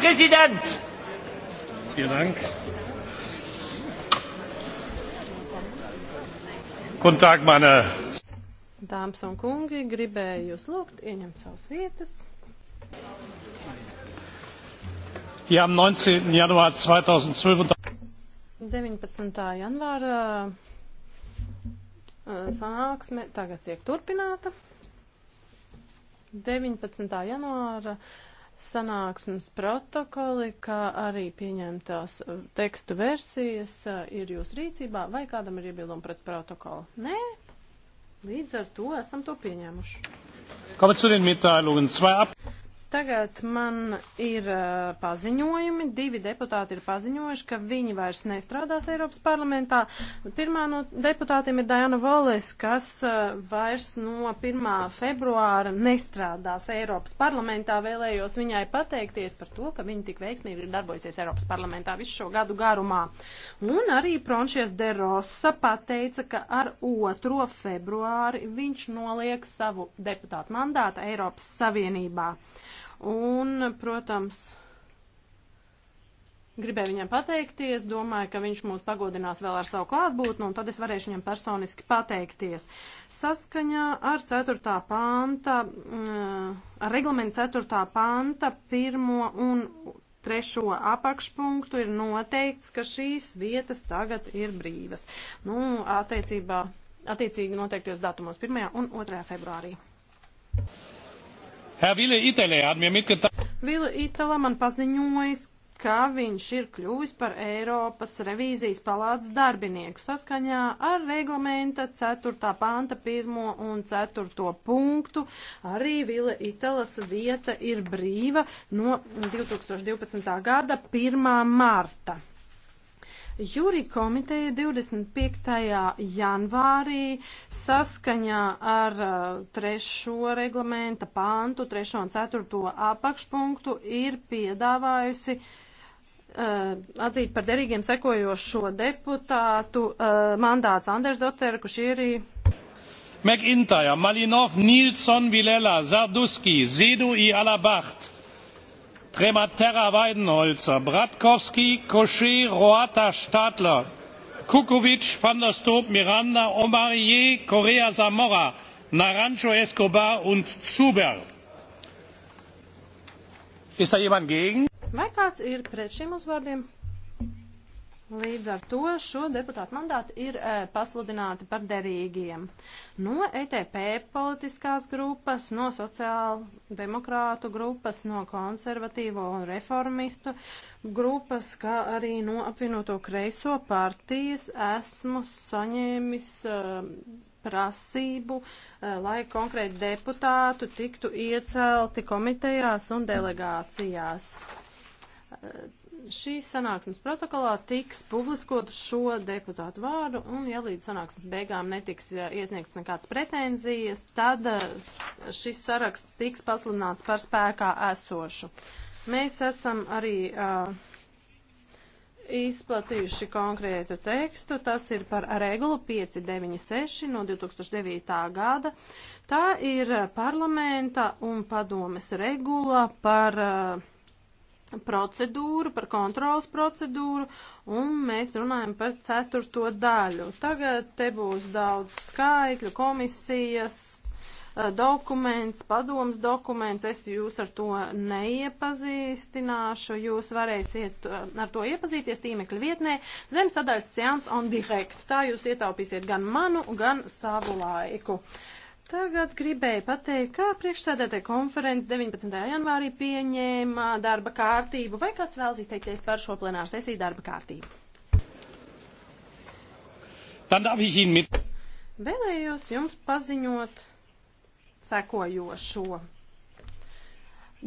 Präsident! Vielen Dank. Guten Tag, meine Dāmas un kungi, gribēju jūs lūgt ieņemt savas vietas. Ja, am 19. Januar 2012. 19. janvāra sanāksme tagad tiek turpināta. 19. janvāra sanāksmes protokoli, kā arī pieņemtās uh, tekstu versijas uh, ir jūsu rīcībā, vai kādam ir iebildumi pret protokolu? Nē, līdz ar to esam to pieņēmuši. Kommen zu den Mitteilungen. Zwei Ab Tagad man ir uh, paziņojumi. Divi deputāti ir paziņojuši, ka viņi vairs nestrādās Eiropas parlamentā. Pirmā no deputātiem ir Dajana Voles, kas uh, vairs no 1. februāra nestrādās Eiropas parlamentā. Vēlējos viņai pateikties par to, ka viņa tik veiksmīgi ir darbojusies Eiropas parlamentā visu šo gadu garumā. Un arī Pronšies de Rosa pateica, ka ar 2. februāri viņš noliek savu deputātu mandātu Eiropas Savienībā. Un, protams, gribēju viņam pateikties, domāju, ka viņš mūs pagodinās vēl ar savu klātbūtni, un tad es varēšu viņam personiski pateikties. Saskaņā ar 4. panta, mm, ar reglamentu 4. panta, 1. un 3. apakšpunktu ir noteikts, ka šīs vietas tagad ir brīvas. Nu, attiecībā, attiecīgi noteiktos datumos 1. un 2. februārī. Herr Ville Itele hat mir mitgeteilt. Ville Itele man paziņojis, ka viņš ir kļuvis par Eiropas revīzijas palātas darbinieku saskaņā ar reglamenta 4. panta 1. un 4. punktu. Arī Vila Italas vieta ir brīva no 2012. gada 1. marta. Jūri komiteja 25. janvārī saskaņā ar uh, trešo reglamenta pāntu, trešo un ceturto apakšpunktu ir piedāvājusi uh, atzīt par derīgiem sekojošo deputātu uh, mandāts Anders Dotera, kurš ir McIntyre, Malinov, Nilsson, Vilela, Zarduski, Zidu i Alabacht trematerra weidenholzer bratkowski kouchet roata stadler kukovi van der stoep miranda omarjee correia zamora naranjo escobar und zuber. Ist da jemand gegen? Vai kāds ir pret šiem uzvārdiem? Līdz ar to šo deputātu mandātu ir e, pasludināti par derīgiem. No ETP politiskās grupas, no sociāla demokrātu grupas, no konservatīvo un reformistu grupas, kā arī no apvienoto kreiso partijas esmu saņēmis e, prasību, e, lai konkrēti deputātu tiktu iecelti komitejās un delegācijās. E, šīs sanāksmes protokolā tiks publiskot šo deputātu vārdu, un ja līdz sanāksmes beigām netiks iesniegts nekāds pretenzijas, tad eh, šis saraksts tiks pasludināts par spēkā esošu. Mēs esam arī uh, izplatījuši konkrētu tekstu, tas ir par regulu 596 no 2009. gada. Tā ir parlamenta un padomes regula par uh, procedūru, par kontrolas procedūru, un mēs runājam par ceturto daļu. Tagad te būs daudz skaitļu, komisijas, eh, dokuments, padoms dokuments, es jūs ar to neiepazīstināšu, jūs varēsiet eh, ar to iepazīties tīmekļa vietnē zem sadaļas seans on direct. Tā jūs ietaupīsiet gan manu, gan savu laiku. Uh, Tagad gribēju pateikt, kā priekšsēdētāja konferences 19. janvārī pieņēma darba kārtību. Vai kāds vēlas izteikties par šo plenāru sesiju darba kārtību? Vēlējos jums paziņot sekojošo.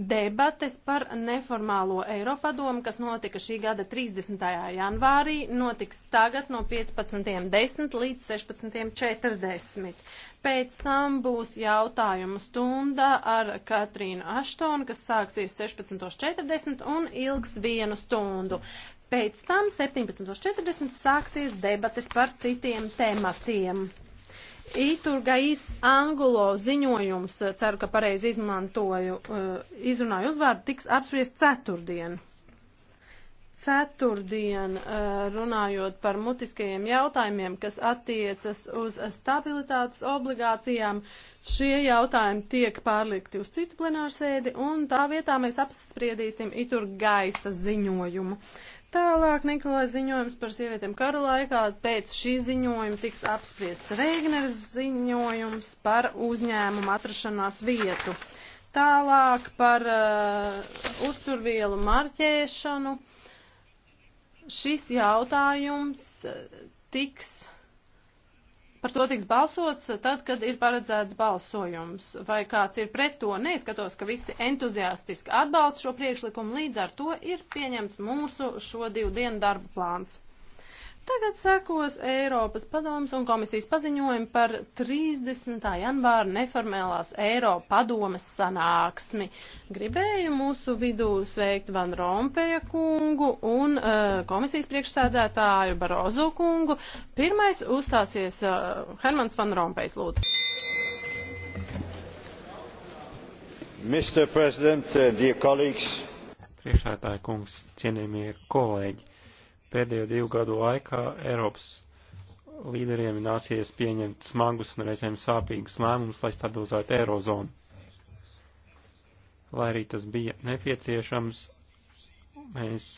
Debates par neformālo Eiropadomu, kas notika šī gada 30. janvārī, notiks tagad no 15.10 līdz 16.40. Pēc tam būs jautājumu stunda ar Katrīnu Aštonu, kas sāksies 16.40 un ilgs vienu stundu. Pēc tam 17.40 sāksies debates par citiem tematiem. Iturgais Angulo ziņojums, ceru, ka pareizi izmantoju, eh, izrunāju uzvārdu, tiks apspriest ceturtdien ceturtdien eh, runājot par mutiskajiem jautājumiem, kas attiecas uz stabilitātes obligācijām. Šie jautājumi tiek pārlikti uz citu plenārsēdi, un tā vietā mēs apspriedīsim itur gaisa ziņojumu. Tālāk Nikolai ziņojums par sievietēm kara laikā. Pēc šī ziņojuma tiks apspriests Reigneris ziņojums par uzņēmumu atrašanās vietu. Tālāk par uh, uzturvielu marķēšanu. Uh, Šis jautājums eh, tiks, par to tiks balsots eh, tad, kad ir paredzēts balsojums. Vai kāds ir pret to? Neizskatos, ka visi entuziastiski atbalsta šo priekšlikumu, līdz ar to ir pieņemts mūsu šo divu dienu darba plāns. Tagad sekos Eiropas padomas un komisijas paziņojumi par 30. janvāra neformālās Eiropa padomas sanāksmi. Gribēju mūsu vidū sveikt Van Rompēja kungu un uh, komisijas priekšsēdētāju Barozo kungu. Pirmais uzstāsies uh, Hermans Van Rompējs lūdzu. Mr. President, uh, dear colleagues. Priekšsēdētāja kungs, cienījamie kolēģi. Pēdējo divu gadu laikā Eiropas līderiem ir nācies pieņemt smagus un reizēm sāpīgus lēmumus, lai stabilizētu eirozonu. Lai arī tas bija nepieciešams, mēs